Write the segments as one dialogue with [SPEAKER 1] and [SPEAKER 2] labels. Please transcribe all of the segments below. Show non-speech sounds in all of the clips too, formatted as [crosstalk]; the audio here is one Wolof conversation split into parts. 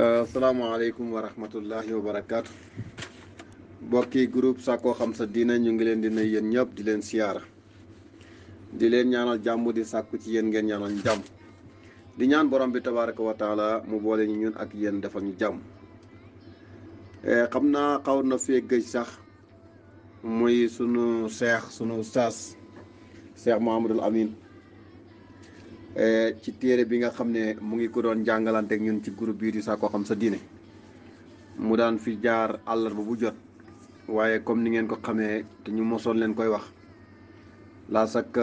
[SPEAKER 1] Eh, Assalamualaikum warahmatullahi wabarakatuh. wa grup mbokki groupe Sakko Xam Sa dina ñu ngi leen di nuyu yeen ñep di leen siar di leen ñaanal jamm di sakku ci yeen ngeen ñaanal jamm Eh, di ñaan borom bi tabaraka wa taala mu boole ñu ñun ak yeen defal ñu jamm eh xamna xaw na fe geej sax moy sunu cheikh sunu oustaz cheikh Mahamadul Amin Eh, ci téere bi nga xam ne mu ngi ko doon jàngalante ak ñun ci groupe bii di ko Xam Sa Diine mu daan fi jaar àllarba bu jot waaye comme ni ngeen ko xamee te ñu mosoon leen koy wax laa sak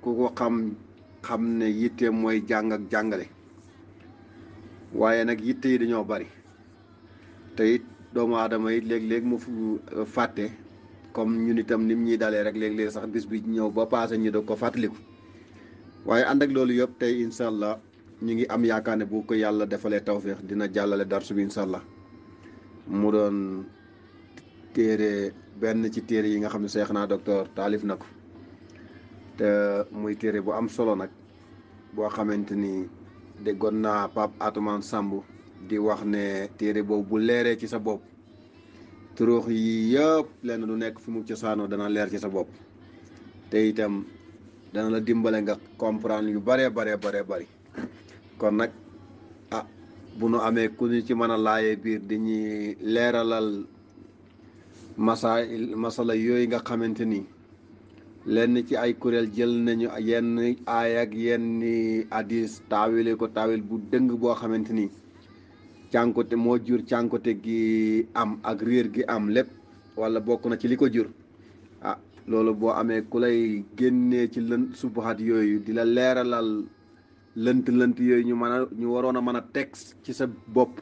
[SPEAKER 1] ku ko xam xam ne yitte mooy jàng ak jàngale waaye nag yitte yi dañoo bari te it doomu aadama yi léeg-léeg mu fu fàtte comme ñun itam nim ñuy dalee rek léeg-léeg sax bis bi ñëw ba paase ñu doog ko fàttaliku waaye ànd ak loolu yëpp tey incha allah ñu ngi am yaakaar ne bu ko yàlla defalee tawféex dina jàllale darsu bi mu doon téere benn ci téere yi nga xam ne seex naa docteur taalif na ko te muy téere bu am solo nag boo xamante ni déggoon naa pap Atoumane Samb di wax ne téere boobu bu leeree ci sa bopp turuux yi yëpp lenn du nekk fu mu cosaanoo dana leer ci sa bopp te itam. dana la dimbale nga comprendre yu bëree baree baree bëri kon nag ah bu nu amee ku ñu ci mën a laayee biir di ñuy leeralal masa masala yooyu nga xamante ni lenn ci ay kuréel jël nañu yenn aay ak yenn hadis taawile ko taawil bu dëng boo xamante ni cànkote moo jur cànkote gi am ak réer gi am lépp wala bokk na ci li ko jur loolu boo amee ku lay génnee ci lën subuhat yooyu di la leeralal lënt lënt yooyu ñu mën a ñu waroon a mën a teg ci sa bopp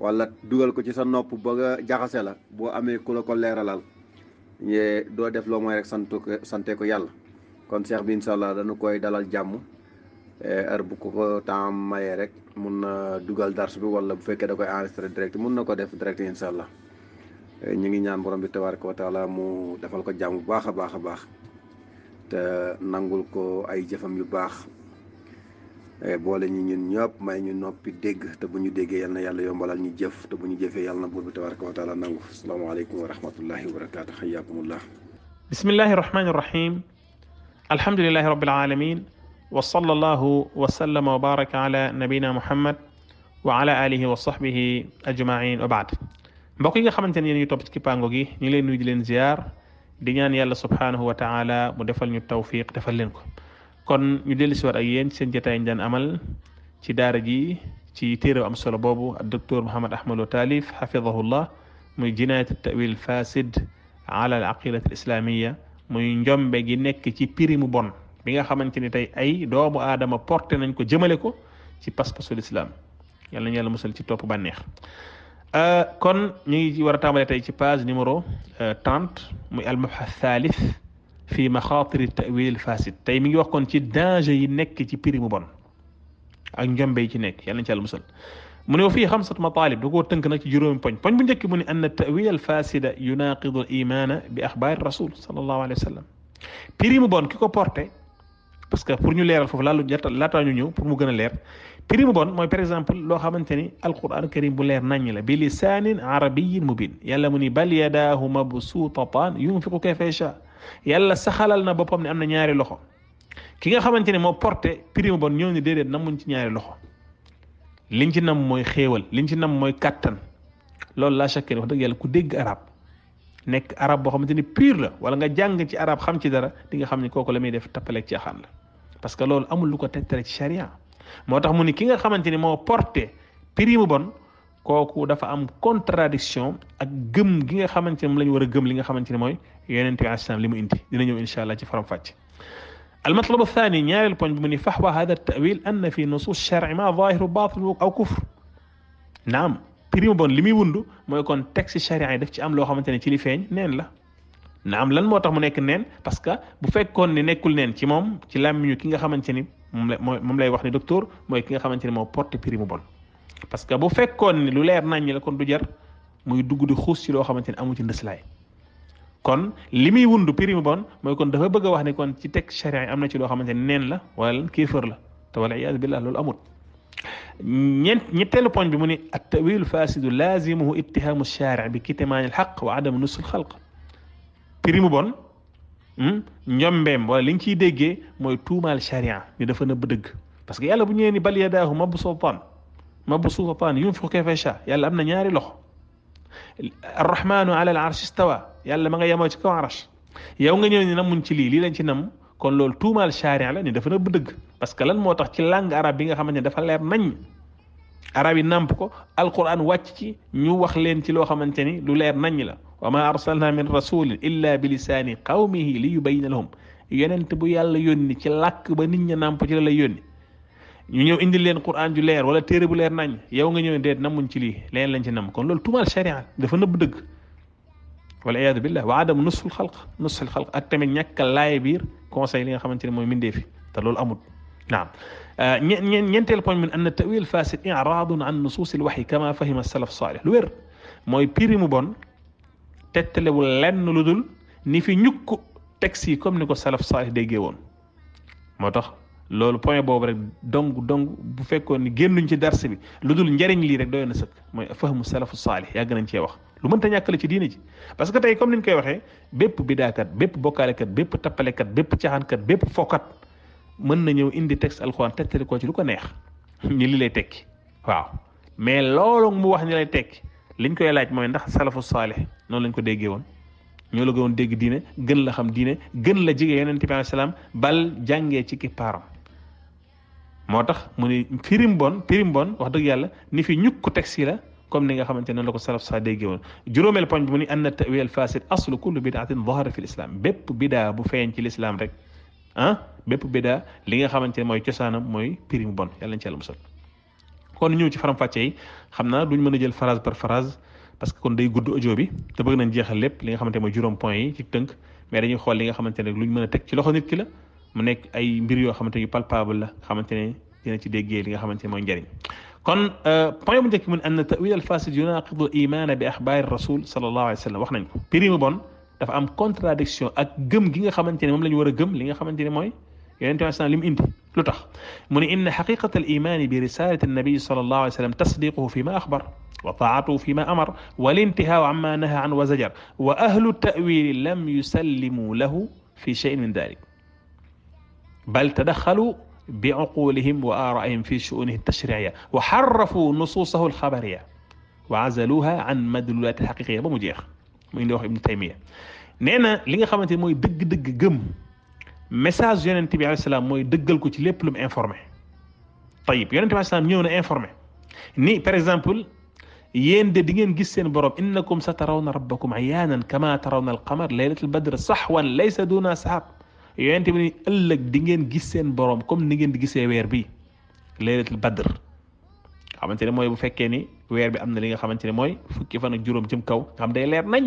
[SPEAKER 1] wala dugal ko ci sa nopp ba nga jaxase la boo amee ku la ko leeralal ye doo def loo mooy rek santu ko sante ko yàlla kon seex bi incha allah dana koy dalal jàmm e, heure bu ko ko temps mayee rek mun na dugal dars bi wala bu fekkee da koy enregistré direct mun na ko def direct incha allah ñu ngi ñaan borom bi tabaaraka wa mu defal ko jàmm bu baax a baax a baax te nangul ko ay jëfam yu baax eh, boole ñu ñun ñëpp may ñu noppi dégg te bu ñu déggee yal na yàlla yombalal ñu jëf te bu ñu jëfee yàlla na buur bi tabaaraka wa taala nangu asalaamaaleykum wa rahmatullahi wa barakaatu xayaakumullah
[SPEAKER 2] bismillahi rahmaani rahim alhamdulilahi rabbil alamin wa sallallahu wa nabina muhammad wa ala alihi wa mbokk yi nga xamante ne yéen ñu topp ci kippaango gi ñu ngi leen nuyu leen ziar di ñaan yàlla subhaanahu wa taala mu defal ñu tawfiq defal leen ko kon ñu dellu si waat ak yéen seen jotaay ñu daan amal ci daara ji ci téere solo boobu ak docteur Mouhamed Ahmad Lo Taalif xafidahullah muy jinaayat tawil fasid ala al aqidat al islamia muy njombe gi nekk ci piri mu bon bi nga xamante ni tey ay doomu aadama porté nañ ko jëmale ko ci pas-pasul islam yàlla nañ yàlla musal ci topp bànneex kon ñu ngi war a tàmbale tey ci page numéro trente muy almabxas thalith fi maxaatiri tawil fasid tey mi ngi wax kon ci danger yi nekk ci prix mu bon ak njombe yi ci nekk yàlla nañ ci yàlla musal mu ne fii xamsat matalib da koo tënk nag ci juróomi poñ poñ bu njëkk mu ne ann tawil alfasida yunaqidu al imana bi axbaari rasul sallallahu alayhi wa sallam prix mu bon ki ko porté parce que pour ñu leeral foofu laalu laata ñu ñëw pour mu gën a leer firi mu bon mooy par exemple loo xamante ni alquran karim bu leer naññ la bi lisaanin arabiyin mubin yàlla mu ni bal yadaahu mabsuutatan yunfiqu kayfa yasha yàlla saxalal na boppam ne am na ñaari loxo ki nga xamante ne moo porté firi mu bon ñëw ni déedéet namuñ ci ñaari loxo liñ ci nam mooy xéewal liñ ci nam mooy kàttan loolu laa chaque wax dëgg yàlla ku dégg arab nek arab boo xamante ni pur la wala nga jàng ci arab xam ci dara di nga xam ne kooku la def tappaleeg ci axaan la parce que loolu amul lu ko tegtale ci charia motax mu ni ki nga xamanteni mo porter prime prix mu bon kooku dafa am contradiction ak gëm gi nga xamanteni ne moom la gëm li nga xamanteni moy yenen yonent assalam limu indi dina ñëw inshallah ci faram fàcc المطلب الثاني نيال البوينت مني فحوى هذا التأويل أن في نصوص الشرع ما ظاهر باطل أو كفر نعم بريم بون لمي وندو ما يكون تكسي الشرع داف تي ام لو خامتاني تي لي فين نين لا na am lan moo tax mu nekk neen parce que bu fekkoon ni nekkul neen ci moom ci làmmiñu ki nga xamante ni moom la moom lay wax ni docteur mooy ki nga xamante ni moo porte prix mu bon parce que bu fekkoon ni lu leer nañ ñi la kon du jar muy dugg di xuus ci loo xamante ni amu ci ndëslaay kon li muy wundu prix mu bon mooy kon dafa bëgg a wax ni kon ci teg charia am na ci loo xamante ni neen la wala lan kéefër la te wala iyaas billah loolu amut ñent ñetteelu poñ bi mu ni at tawil fasidu lazimuhu ittihamu shari bi kitmaani alxaq wa adamu nusul xalq firi mu bon hmm, njombeem wala li nga ciy déggee mooy tuumaal charia ni dafa nëbb dëgg parce que yàlla bu ñëwee ni bal yadaahu mabsuutaan mabsuutaan yunfiqu kayfa yashaa yàlla am na ñaari loxo arrahmaanu ala al yàlla ma nga yemoo ci kaw arsh yow nga ñëw ni namuñ ci lii lii lañ ci nam kon loolu tuumaal charia la ni dafa nëbb dëgg parce que lan moo tax ci langue arabe bi nga xaman ne dafa leer nañ arab yi namp ko alquran wàcc ci ñu wax leen ci loo xamante ni lu leer nañ la wa ma arsalna min rasulin illa bi lisaani qawmihi li yubayina lahum yonent bu yàlla yónni ci làkk ba nit ña namp ci la lay yónni ñu ñëw indi leen quran ju leer wala téere bu leer nañ yow nga ñëw déet namuñ ci lii leen lañ ci nam kon loolu tumal sharia dafa nëbb dëgg wala iyadu billah wa adam nusul xalq nusul xalq ak tamit ñàkk laay biir conseil li nga xamante ni mooy mindee fi te loolu amut نعم ينتهي آه، البوين من ان التاويل الفاسد اعراض عن نصوص الوحي كما فهم السلف الصالح لوير موي بيري موبون تتلو لن لودول ني في نيوك تاكسي كوم نيكو السلف الصالح دي جيوون موتاخ لول بوين بوب رك دونغ دونغ بو فيكون ني ген نون سي دارس بي لودول نجارين لي رك دوينا سك موي فهم السلف الصالح ياغ نانتي واخ لو مانتا نياك لا سي دينا جي باسكو تاي كوم نين كاي واخي بيب بيداكات بيب بوكالكات بيب تابالكات بيب تيان بيب فوكات mën na ñëw indi texte alxuraan tegtali ko ci lu ko neex ñi [laughs] li lay tekki waaw mais loolu mu wax ni lay tekki liñ koy laaj mooy ndax salafu saalih noonu lañ ko déggee woon ñoo la gënoon dégg diine gën la xam diine gën la jege yonent bi alayhi salaam bal jàngee ci kippaaram moo tax mu ni firim bon firim bon wax dëgg yàlla ni fi ñukk texte yi la comme ni nga xamante ne la ko salaf saa déggee woon juróomeel poñ bi mu ni anna tawil fasid aslu kullu fi l islam bépp bidaa bu feeñ ci l'islam rek ah bépp bidaa li nga xamante moy ciosanam moy mooy prix mu bon yàlla nañ yàlla musal kon ñëw ci faram fàcce yi xam duñ mëna jël phrase par phrase parce que kon day gudd audio bi te bëgg nañ jéxal lépp li nga xamante moy juróom point yi ci teunk mais dañuy xol li nga xamante luñ mëna tek ci loxo nit ki la mu nekk ay mbir yo xamante yu palpable la xamante dina ci déggé li nga xamante moy ndariñ kon point bu njëkk mun an tawil al fasid yunaqidu al iman bi akhbar ar rasul sallallahu alayhi wasallam sallam wax nañ ko prix mu bon dafa am contradiction ak gëm gi nga xamante ne moom la ñu war a gëm li nga xamante ne mooy yonente bi li mu indi lu tax mu ne inna xaqiqata al iman bi risalati annabiyi sal allahu alih sallam tasdiquhu fi ma axbar وطاعته فيما أمر والانتهاء عما نهى عنه وزجر وأهل التأويل لم يسلموا له في شيء من ذلك بل تدخلوا بعقولهم وآرائهم في شؤونه التشريعية وحرفوا نصوصه الخبرية وعزلوها عن مدلولات الحقيقية بمجيخ muy ndox ibn taymiya neena li nga xamanteni moy deug deug gëm message yenen tibbi alayhi salam moy deugal ko ci lépp lu mu informé tayib yenen tibbi alayhi salam ñëw na informé ni par exemple yéen de di ngeen gis seen borom innakum satarawna rabbakum ayanan kama tarawna alqamar laylat albadr sahwan laysa duna sahab yenen tibbi ëlëk di ngeen gis seen borom comme ni ngeen di gisee weer bi laylat albadr xamanteni moy bu fekke ni weer bi am na li nga xamante ne mooy fukki fan ak juróom jëm kaw xam day leer nañ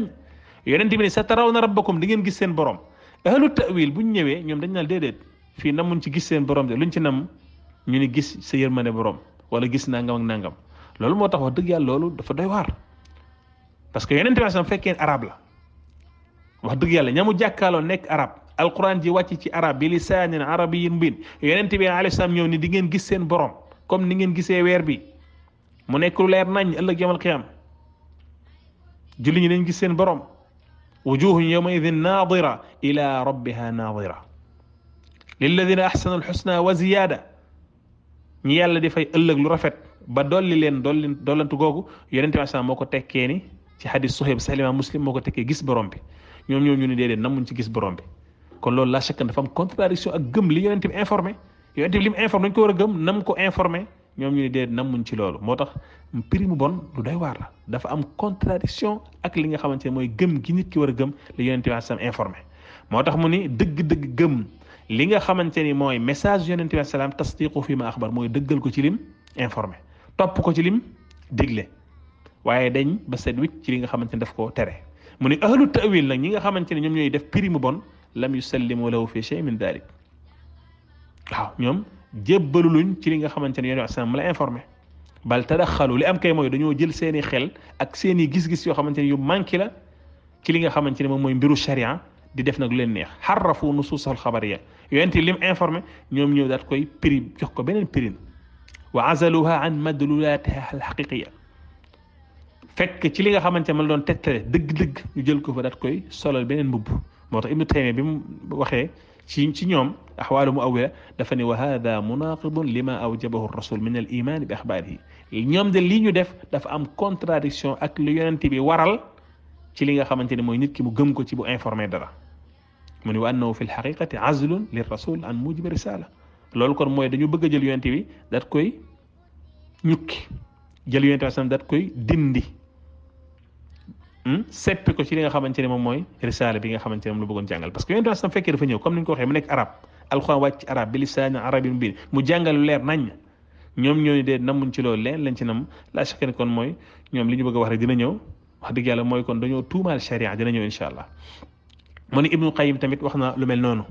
[SPEAKER 2] yonent bi ne sa taraw na rabbakum di ngeen gis seen borom ahlu tawil buñ ñëwee ñoom dañ naan déedéet fii namuñ ci gis seen borom de luñ ci nam ñu ni gis sa yërmande borom wala gis nangam ak nangam loolu moo tax wax dëgg yàlla loolu dafa doy waar parce que yonent bi sam fekkee arab la wax dëgg yàlla ñamu jàkkaaloo nekk arab alquran ji wàcc ci arab bi lisaanin arabiyin bin yonent bi alayhi salaam ñëw ni di ngeen gis seen borom comme ni ngeen gisee weer bi mu nekk lu leer nañ ëllëg yawmal qiyaam julli ñi dañ gis seen borom wujuhun yawma idin naadira ila rabbiha naadira lilladina ahsanu alxusna wa ziyada ñi yàlla di fay ëllëg lu rafet ba dolli leen dolli dollantu googu yonente bi sallam moo ko tekkee ni ci xadis suhayb sax imaam muslim moo ko tekkee gis borom bi ñoom ñoo ñu ni déedéet namuñ ci gis borom bi kon loolu la chakkan dafa am contradiction ak gëm li yonente bi informé yonente bi li mu informé dañ ko war a gëm nam ko informé ñoom ñu ne déet namuñ ci loolu moo tax prix bon du doy waar la dafa am contradiction ak li nga xamante ne mooy gëm gi nit ki war a gëm li yonent bi salaam informé moo tax mu ni dëgg-dëgg gëm li nga xamante ni mooy message yonent bi salaam tasdiqu fi ma axbar mooy dëggal ko ci lim informé topp ko ci lim digle waaye dañ ba seet wicc ci li nga xamante ne daf koo tere mu ni ahlu tawil nag ñi nga xamante ne ñoom ñooy def prime bon lam yusallimu lahu fi shay min dalik waaw ñoom jébbalu luñ ci li nga xamanteni ne assalam la informé bal tadakhalu li am kay moy dañoo jël seeni xel ak seeni gis-gis yo xamanteni yu manki la ci li nga xamanteni ne moom mooy mbiru sharia di def nak lu leen neex harrafu xarrafu nusuusal xabariya yonent lim informé ñom ñëw dat koy prim jox ko benen prim wa azaluha an madlulatiha al xaqiqiya fekk ci li nga xamanteni mal doon tegtale deug deug ñu jël ko fa dat koy solal benen mbub motax ibnu taymiya bimu waxe شين شين يوم احوال مؤوله دفني وهذا مناقض لما اوجبه الرسول من الايمان باخباره نيوم دي لي ديف دف ام كونتراديكسيون اك لو يونتي بي وارال تي ليغا خامتيني كي مو گم كو تي بو انفورمي دارا من وانه في الحقيقه عزل للرسول عن موجب رساله لول كون موي دانيو بيغ جيل يونتي بي دات كوي نيوكي جيل يونتي سان دات كوي ديندي seppi ko ci li nga xamante ne moom mooy risaale bi nga xamante ne moom la bëggoon jàngal parce que yéen yonent sam fekkee dafa ñëw comme ni ñu ko waxee mu nekk arab alxuraan wàcc arab bi lisaani arabin mubin mu jàngal leer nañ ñoom ñooñu dee namuñ ci loolu leen lañ ci nam la chaque ne kon mooy ñoom li ñu bëgg a wax rek dina ñëw wax dëgg yàlla mooy kon dañoo tuumaal sharia dina ñëw incha allah mu ne ibnu qayim tamit wax na lu mel noonu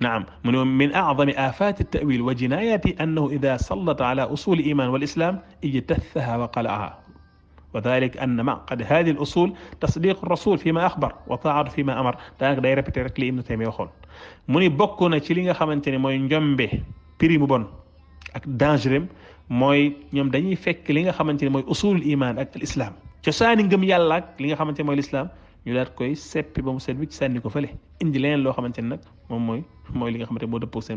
[SPEAKER 2] نعم من من أعظم آفات التأويل وجنايته أنه إذا سلط على أصول الإيمان والإسلام اجتثها وقلعها وذلك ان معقد هذه الاصول تصديق الرسول فيما اخبر وطاعه فيما امر دانك داي ريبيتي لي ابن تيميه وخون موني بوكو نا سي ليغا خامتيني موي نجومبي بريم بون اك دانجرم موي نيوم داني فيك ليغا خامتيني موي اصول الايمان اك الاسلام تشاني نغم يالا ليغا خامتيني موي الاسلام ñu leer koy seppi ba mu seet wicc sànni ko fële indi leneen loo xamante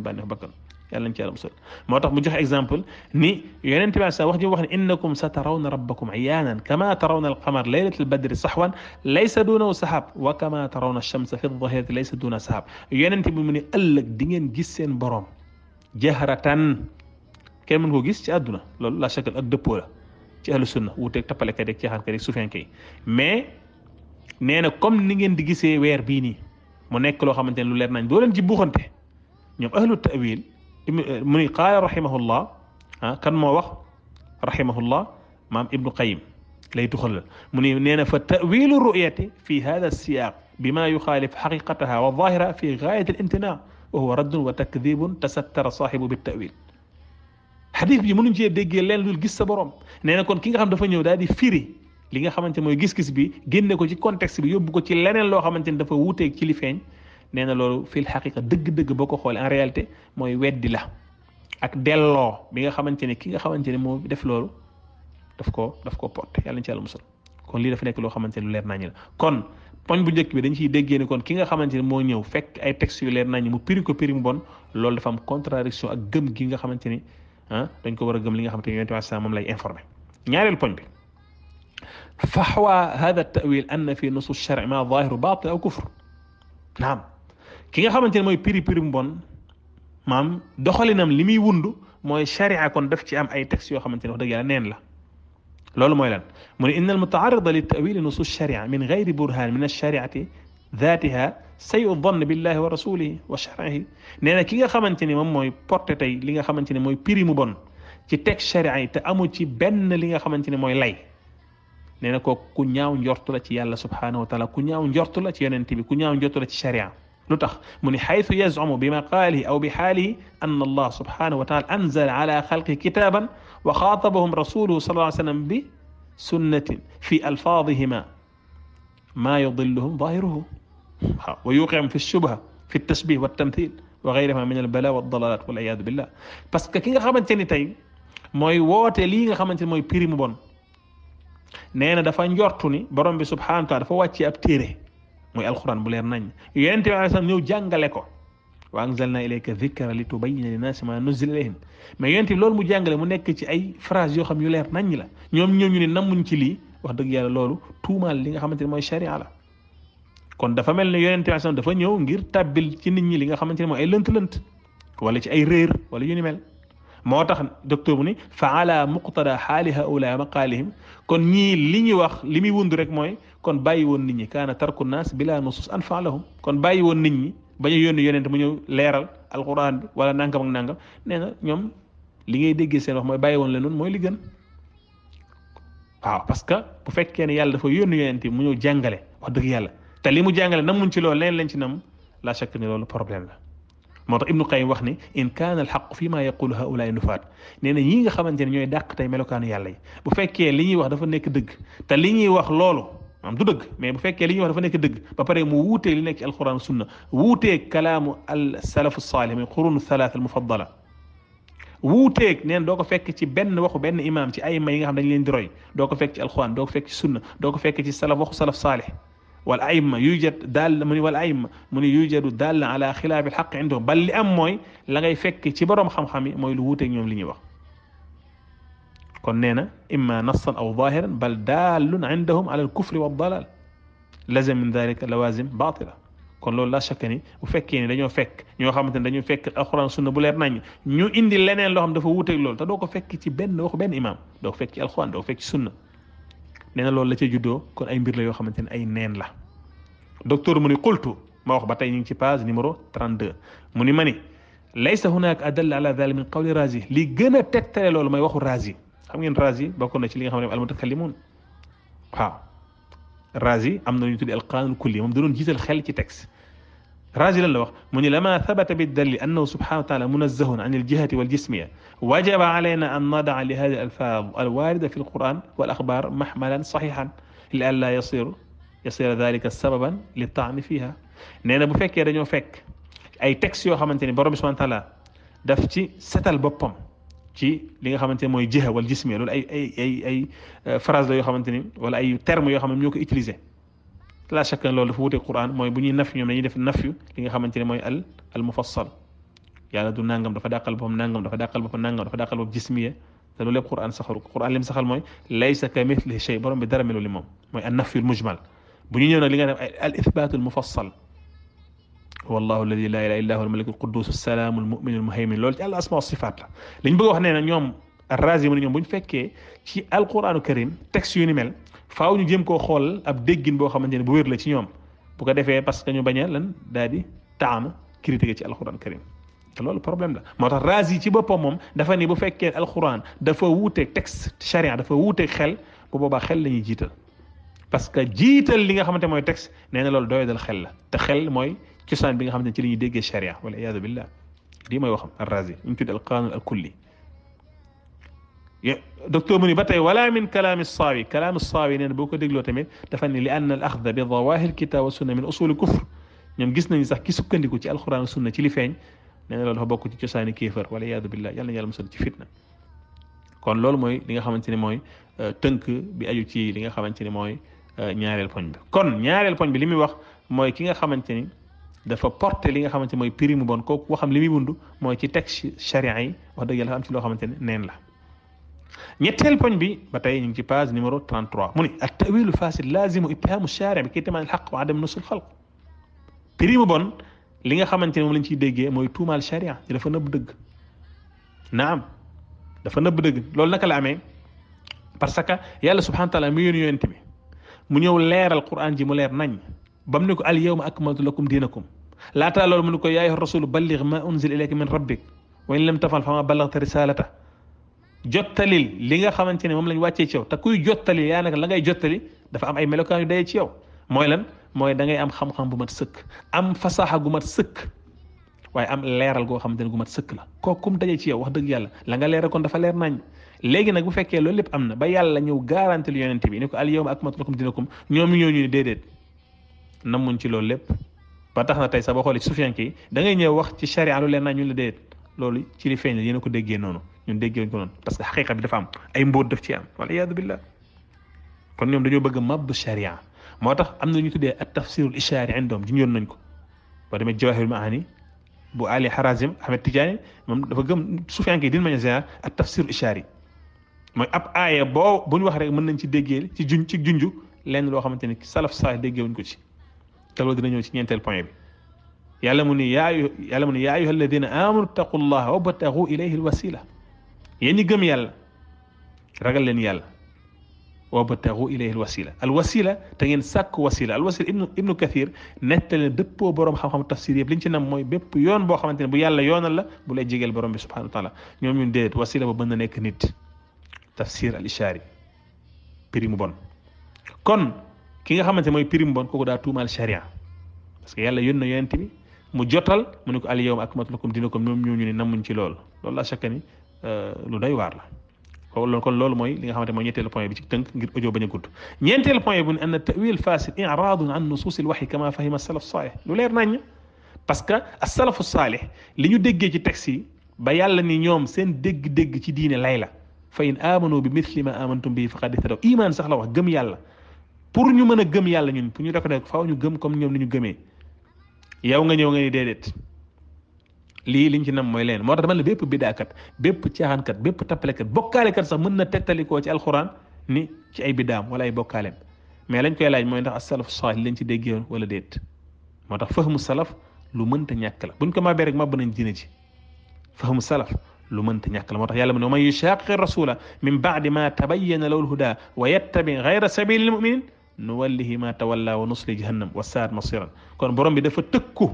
[SPEAKER 2] ni nag moom yàlla nañ ci yàlla musal moo tax mu jox exemple ni yonent bi sa wax ji wax ne innakum sa tarawna rabbakum iyaanan kama tarawna alqamar laylat albadri sahwan laysa duunahu sahab wa kama tarawna alchamsa fi aldahirati laysa duuna sahab yonent bi mu ni ëllëg di ngeen gis seen borom jahratan kenn mën ko gis ci àdduna loolu la chakal ak dëppoo la ci ahlu sunna wuuteeg tappalekat yeeg caaxaankat yeeg sufiyanke kay mais nee na comme ni ngeen di gisee weer bii nii mu nekk loo xamante ne lu leer nañ doo leen ci buuxante ñoom ahlu tawil من قال رحمه الله ها كان ما وخ رحمه الله مام ابن قيم لي تخلل من نينا فتاويل الرؤيه في هذا السياق بما يخالف حقيقتها والظاهرة في غاية الامتناع وهو رد وتكذيب تستر صاحبه بالتأويل حديث بي من جيب ديجي لين لول جيس سبرم نينا كون كينغ خام دفن يودادي فيري لينغ خام مو جيس كيس بي جين نكو جي كونتكس بي يوب بكو تي لين لو خام انت ووتي كيلي فين nee na loolu fil xaqiqa dëgg-dëgg boo ko xool en réalité mooy weddi la ak delloo bi nga xamante ne ki nga xamante ne moo def loolu daf ko daf ko porté yàlla ñu ci yàlla musal kon lii dafa nekk loo xamante ne lu leer nañ la kon poñ bu njëkk bi dañ ciy déggee ni kon ki nga xamante ne moo ñëw fekk ay texte yu leer nañ mu piri ko piri mu bon loolu dafa am contradiction ak gëm gi nga xamante ni ah dañ ko war a gëm li nga xamante ni yonent bi sallam moom lay informé ñaareel poñ bi فحوى هذا التأويل أن في نصوص الشرع ما ظاهر باطل أو كفر نعم ki nga xamante ne mooy piri piri mbon maam doxalinam li muy wund mooy sharia kon daf ci am ay textes yoo xamante ne wax dëgg yàlla neen la loolu mooy lan mu ne inna al mutaarida li tawili nusus sharia min gayri burhan min alshariati ذاتها سيء الظن بالله ورسوله وشرعه نانا كيغا خامتيني موم موي بورتي تاي ليغا خامتيني موي بري مو بون ci teg sharia yi te amu ci benn li nga xamante ne mooy lay nee na ko ku ñaaw njortu la ci yàlla subhanahu wa taala ku ñaaw njortu la ci yonent bi ku ñaaw njortu la ci sharia لتخ من حيث يزعم بمقاله أو بحاله أن الله سبحانه وتعالى أنزل على خلقه كتابا وخاطبهم رسوله صلى الله عليه وسلم بسنة في ألفاظهما ما يضلهم ظاهره ويوقع في الشبهة في التشبيه والتمثيل وغيرها من البلاء والضلالات والعياذ بالله بس كي خمن تاني تاي موي ووتي ليغا خمن تاني موي بيري مبون نينا دفا نيورتوني بروم بي سبحانه وتعالى فواتي moy alquran bu leer nañ yonent ay sa ñëw jàngale ko wa anzalna ilayka dhikra litubayyana tubayyina linnaasi ma nuzila ilayhim mais yonent lool mu jàngale mu nekk ci ay phrase yo xam yu leer nañ la ñom ñëw ñu ni namuñ ci li wax deug yàlla loolu tuumal li nga xamanteni moy sharia la kon dafa melni ne ay sa dafa ñëw ngir tabil ci nit ñi li nga xamanteni moy ay leunt leunt wala ci ay réer wala yu ni mel motax docteur bu ni fa ala muqtada hal haula maqalihim kon ñi li ñuy wax limi muy wund rek moy kon bàyyi woon nit ñi kaana tarku naas bila nusus anfa lahum kon bàyyi woon nit ñi ba ñu yónni yonent mu ñëw leeral alquran bi wala nangam nangam nee ñoom li ngay déggee seen wax mooy bàyyi woon leen noonu mooy li gën parce que bu fekkee ne yàlla dafa yónni yonent mu ñëw jàngale wax dëgg yàlla te li mu jàngale namuñ ci loolu leen lañ ci nam la chaque ni loolu problème la moo tax ibnu kay wax ni in kaana al fi ma yaqulu haulaay nufaat nee na ñii nga xamante ne ñooy dàq tey melokaanu yàlla yi bu fekkee li ñuy wax dafa nekk dëgg te li ñuy wax loolu am du deug mais bu fekke li ñu wax dafa nek deug ba pare mu wuté li nek alquran sunna wuté kalam al salafu saalih min qurun thalath al mufaddala wuté neen doo ko fekk ci ben waxu ben imam ci ay may nga xam dañ leen di roy doo ko fekk ci alquran doo ko fekk ci sunna doo ko fekk ci salaf waxu salaf salih wal aima yujad dal mu wal aima mu yujad dal ala khilaf al haqq indahum bal li am moy la ngay fekk ci borom xam xami moy lu wuté ñom li ñi wax قلنا إما نصا أو ظاهرا بل دال عندهم على الكفر والضلال لازم من ذلك لوازم باطلة كون لول لا شكني وفكيني وفكين دانيو فك ньо خامتن دانيو فك القران سنة بولير ناني ньо اندي لنين لهم خام دافو ووتيك لول تا دوكو فك بن وخ بن امام دو فك سي القران دو سنة نينا لول لا تي كون اي مبير لا يو خامتن اي نين لا دكتور موني قلت ما وخ باتاي نينغ سي باج نيميرو 32 موني ماني ليس هناك ادل على ذلك من قول رازي لي گنا تكتل لول ماي وخو رازي xam ngeen razi bokkoon na ci li nga xam ne al mutakallimun waaw razi am na ñu tuddi al qanun kulli moom da doon jiital xel ci texte راجل الله من لما ثبت بالدليل أنه سبحانه وتعالى منزه عن الجهة والجسمية وجب علينا أن نضع لهذه الألفاظ الواردة في القرآن والأخبار محملا صحيحا لئلا يصير يصير ذلك سببا للطعن فيها نينا بو فك يا دانيو فك اي تكس يو خامتيني بروم سبحانه وتعالى داف سيتال بوبام ci li nga xamante ne mooy jiha wala jismiya loolu ay ay ay ay phrase la yoo xamante ni wala ay terme yoo xam ne ñoo ko utilisé la chacun loolu dafa wute quran mooy bu ñuy naf ñoom dañuy def naf yu li nga xamante ne mooy al al mufassal yàlla du nangam dafa dàqal boppam nangam dafa dàqal boppam nangam dafa dàqal boppam jismiya te loolu lépp quran saxaru ko quran lim saxal mooy laysa ka mithli shay borom bi dara melu li moom mooy an nafyul mujmal bu ñu ñëw nag li nga def al al mufassal هو الله الذي لا اله الا هو الملك القدوس السلام المؤمن المهيمن لول يلا اسماء الصفات لا لي نبغي واخ نينا نيوم الرازي من نيوم بو نفكي شي القران الكريم تكست يوني ميل فاو ني جيم كو خول اب ديغين بو خامتيني بو وير لا شي نيوم بو كو ديفه باسكو ني باغي لان دادي تام كريتيك شي القران الكريم لولو بروبليم لا موتا رازي شي بوبو موم دا فاني بو فكي القران دا فا ووتي تكست شريعه دا فا ووتي خيل بو بوبا خيل لا ني جيتال باسكو جيتال ليغا خامتيني موي تكست نينا لول دويدال خيل لا تا خيل موي cosaan bi nga xamante ne ci la ñuy déggee charia wala iyaadu billah lii mooy waxam arrazi ñu tudd alqanun alkulli docteur mu ni ba tey wala min kalaami saawi kalaami saawi nee na boo ko dégloo tamit dafa ne li anna al axda bi dawahir kitab wa sunna min usuli kufr ñoom gis nañu sax ki sukkandiku ci alquran ak sunna ci li feeñ nee na loolu dafa bokk ci cosaani kéefar wala iyaadu billah yàlla na yàlla musal ci fitna kon loolu mooy li nga xamante ne mooy tënk bi aju ci li nga xamante ne mooy ñaareel poñ bi kon ñaareel poñ bi li muy wax mooy ki nga xamante ni dafa porter li nga xamante mooy prix mu bon kooku waxam li muy wund mooy ci texte charia yi wax dëgg yàlla am ci loo xamante ne neen la ñetteel poñ bi ba tey ñu ngi ci page numéro 33 mu ne at tawilu fasid laazimu ittihamu charia bi kitmaan al xaq wa adam nusul xalq prix mu bon li nga xamante ne moom lañ ciy déggee mooy tuumaal charia dafa nëbb dëgg naam dafa nëbb dëgg loolu naka la amee parce que yàlla subhanahu wa taala mi yónni yonent bi mu ñëw leeral quran ji mu leer nañ bam ne ko al yawma akmaltu lakum dinakum laataa loolu mu ne ko yaa ayyuha rasul balligh ma unzila ilayka min rabbik wa in lam tafal fama ballagta risalata jottalil li nga xamante ne moom lañ wàccee ci yow te kuy jottali yaa nag la ngay jottali dafa am ay melokaan yu dayee ci yow mooy lan mooy da ngay am xam-xam bu mat sëkk am fasaxa gu mat sëkk waaye am leeral goo xamante ne gu mat sëkk la kookum daje ci yow wax dëgg yàlla la nga leeral kon dafa leer nañ léegi nag bu fekkee loolu lépp am na ba yàlla ñëw garanti lu yonente bi ni ko al yawma akmaltu lakum dinakum ñoom ñoo ñu ne déedéet namuñ ci loolu lépp ba tax na tey sa boo xoolee ci sufiyanke yi da ngay ñëw wax ci charia lu leen naa ñu la déet loolu ci li feeñ la yéena ko déggee noonu ñun déggee ko noonu parce que xaqiqa bi dafa am ay mbóot daf ci am wala iyaadu billah kon ñoom dañoo bëgg mabbu charia moo tax am na ñu tuddee at tafsirul ishaari indom ji ñoon nañ ko boo demee jawahirul maani bu ali harazim ahmed tidiane moom dafa gëm soufiane yi din ma général at tafsirul ishaari mooy ab aaya boo bu ñu wax rek mën nañ ci déggee ci juñ ci junju lenn loo xamante ni salaf saa déggee wuñ ko ci تلو دنا نيو نينت البوين بي يعلمني يا يعلمني يا ايها الذين امنوا اتقوا الله وابتغوا اليه الوسيله يعني گم يالا رغال لين يالا وابتغوا اليه الوسيله الوسيله تين ساك وسيله الوسيله ابن ابن كثير نتل دبو بروم خام خام تفسير يب لينتي نام موي بيب يون بو خامتني بو يالا يونال لا بولاي جيجل بروم بي نيوم يون وسيله بو بن تفسير الاشاري بريمو بون ki nga xamante mooy prime bon kooku daa tuumaal sharia parce que yàlla yónna yonent bi mu jotal mu ne ko al yawma akmaltu lakum dinakum ñoom ñoo ñu ne namuñ ci loolu loolu la chaque ni lu doy waar la kon kon loolu mooy li nga xamante mooy ñetteelu point bi ci tënk ngir audio bañ a gudd ñeenteelu point bu ne anna tawil fasid i'radun an nusus al wahyi kama fahima salaf salih lu leer nañ parce que as-salafu salih li ñu déggee ci texte yi ba yàlla ni ñoom seen dégg-dégg ci diine lay la fa in amanu bi mithli ma amantum bi faqad ihtadaw iman sax la wax gëm yàlla pour ñu mëna gëm yàlla ñun pour ñu rek rek faaw ñu gëm comme ñom ñu gëmé yaw nga ñëw nga ni dedet li liñ ci nam moy leen mo tax dama ne bépp kat bépp tapale kat bokale kat sax mëna tetali ko ci alcorane ni ci ay bidam wala ay bokale mais lañ koy laaj moy ndax salaf salih liñ ci déggee wala dedet mo tax fahmu salaf lu mënta ñak la buñ ko mabee rek mab nañ dina ci fahmu salaf lu mën ta ñak la motax yàlla mu ne man yushaqi rasula min ba'd ma tabayyana lahu al-huda wa yattabi ghayra sabilil mu'minin نوليه ما تولى ونصلي جهنم وساد مصيرا كون بروم بي دافا تكو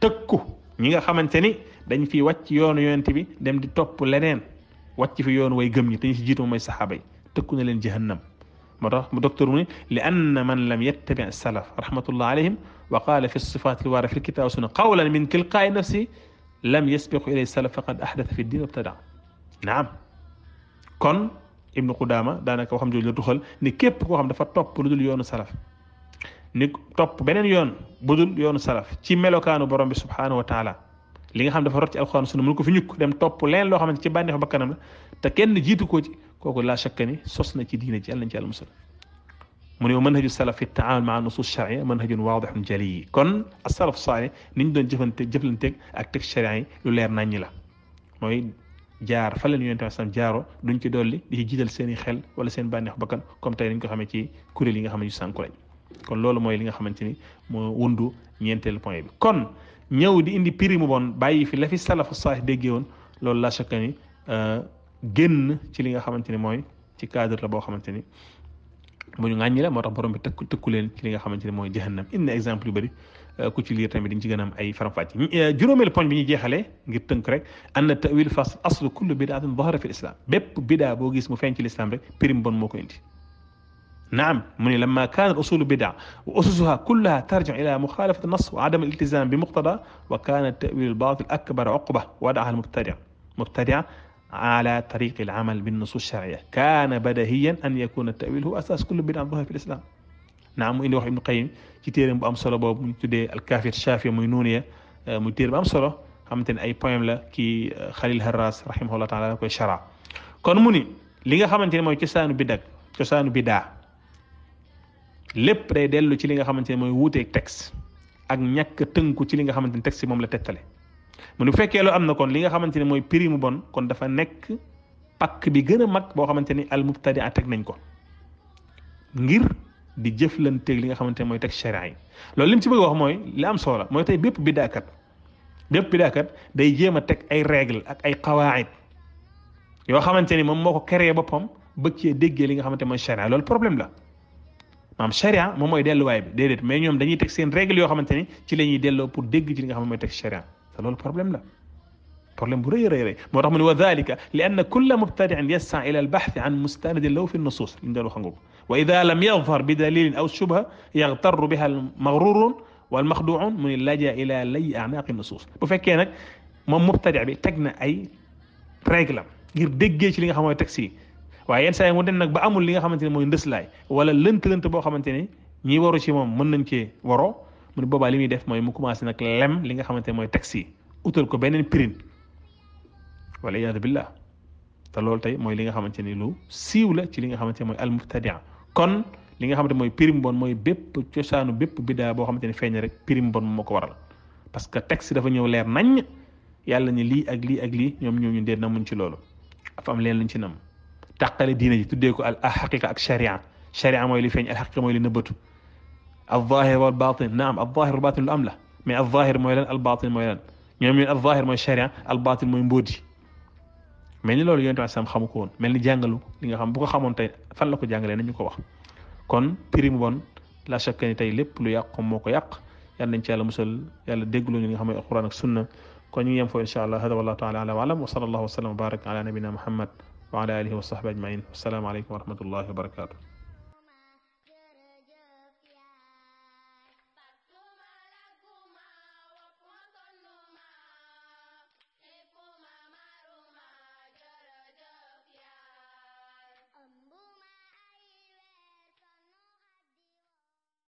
[SPEAKER 2] تكو نيغا خامتاني دنج في واتي يون يون بي ديم دي توب لنين واتي في يون واي گم ني تاني جيتو موي صحابه تكو نلين جهنم مره دكتور مني لان من لم يتبع السلف رحمه الله عليهم وقال في الصفات الوارده في الكتاب والسنه قولا من تلقاء نفسه لم يسبق اليه السلف فقد احدث في الدين ابتدع نعم كن ibnu qudama danaka waxam jojo la tuxal ni kep ko xam dafa top lu dul yoonu salaf ni top benen yoon budul dul yoonu salaf ci melokanu borom bi subhanahu wa taala li nga xam dafa rot ci alquran sunu mu ko fi ñuk dem top len lo xamante ci bànneexu bakkanam la te kenn jitu ko ci koku la shakka ni sos na ci diina ci yàlla ci yàlla musal mu ne wa manhaju salaf fi taamul maa nusus charia manhajun waadixun jali kon as-salaf salih niñ doon jëfante jëflante ak tek charia lu leer nañ la moy jaar fa leen yonent sam jaaro duñ ci dolli di ci jiital seen i xel wala seen bànneex bakkan comme tey dañ ko xamee ci kuréel yi nga xam ne ñu sànku lañ kon loolu mooy li nga xamante ni moo wundu ñeenteelu point bi kon ñëw di indi prix mu bon bàyyi fi la fi salafu saalih déggee woon loolu la chaka ni euh, génn ci li nga xamante ni mooy ci cadre la boo xamante ni mu ñu ŋàññi la moo tax borom bi tëkku tëkku leen ci li nga xamante ne mooy jahannam indi exemple yu bëri ku ci liir tamit di ci gën am ay faram-fàcc juróomeelu poñ bi ñu jeexalee ngir tënk rek anna tawil fas aslu kullu bidaatin zahara fi l'islam bépp bidaa boo gis mu feeñ ci l'islam rek prime bon moo ko indi نعم من لما كان الأصول بدعة وأسسها كلها ترجع إلى مخالفة النص وعدم الالتزام بمقتضى وكان التأويل الباطل أكبر عقبة ودعها المبتدع مبتدعة على طريق العمل بالنصوص الشرعية كان بديهيا أن يكون التأويل هو أساس كل بناء الظهر في الإسلام نعم إن وحي ابن قيم كتير بأم صلى بأم الكافر الشافي مينونية مدير بأم صلى خمتن أي بويم لا كي خليل هراس رحمه الله تعالى كي شرع كون موني لغا خمتن موي كسان بدك كسان بدا لبري دلو تي لغا خمتن موي ووتي تكس أك تنكو تي لغا خمتن تكسي موم تتالي mu ne fekkee loo am na kon li nga xamante ne mooy prix mu bon kon dafa nekk pakk bi gën a mag boo xamante ni al mubtadi a teg nañ ko ngir di jëf jëflanteeg li nga xamante ne mooy teg sharia yi loolu li ci bëgg wax mooy li am solo mooy tey bépp bidaakat bépp bidaakat day jéem a teg ay règle ak ay qawaid yoo xamante ni moom moo ko créé boppam bëgg cee déggee li nga xamante mooy sharia loolu problème la maam sharia moom mooy delluwaay bi déedéet mais ñoom yoo xamante ni ci la ñuy delloo pour dégg ci xam ne mooy teg فلول بروبليم لا بروبليم بري ري ري مرغم وذلك لان كل مبتدع يسعى الى البحث عن مستند له في النصوص واذا لم يظهر بدليل او شبهه يغتر بها المغرور والمخدوعون من اللجا الى لي اعناق النصوص بفكينك من مبتدع بي تجنا اي بريغلام غير دغي شي ليغا خا تاكسي واي ين ساي مودن نك با امول ليغا خا مانتيني موي ولا لنت لنت بو خا مانتيني ني وورو شي موم من نانتي وورو mu ne boobaa li muy def mooy mu commencé nag lem li nga xamante ne mooy taxi yi utal ko beneen print wala iyaadu billah te loolu tey mooy li nga xamante ni lu siiw la ci li nga xamante ne mooy almubtadia kon li nga xamante mooy prime bon mooy bépp cosaanu bépp biddaa boo xamante ne feeñ rek prime bon moo ko waral parce que texte dafa ñëw leer nañ yàlla ni lii ak lii ak lii ñoom ñoo ñu dee namuñ ci loolu dafa am leen luñ ci nam tàqale diina ji tuddee ko al xaqiqa ak sharia sharia mooy li feeñ al xaqiqa mooy الظاهر والباطن نعم الظاهر والباطن الأملة من الظاهر ميلان الباطن ميلان يعني من الظاهر من الشارع الباطن من بودي من لول يونت سام خموكون من لي جانغلو ليغا خام بوكو خامون تاي فان لاكو جانغلي نانيو كو واخ كون بريم بون لا شك ني تاي ليپ لو ياق موكو ياق يالا نتي يالا مسل يالا ديغلو ني خامي القران والسنه كون ني يم فو ان شاء الله هذا والله تعالى على علم وصلى الله وسلم وبارك على نبينا محمد وعلى اله وصحبه اجمعين السلام عليكم ورحمه الله وبركاته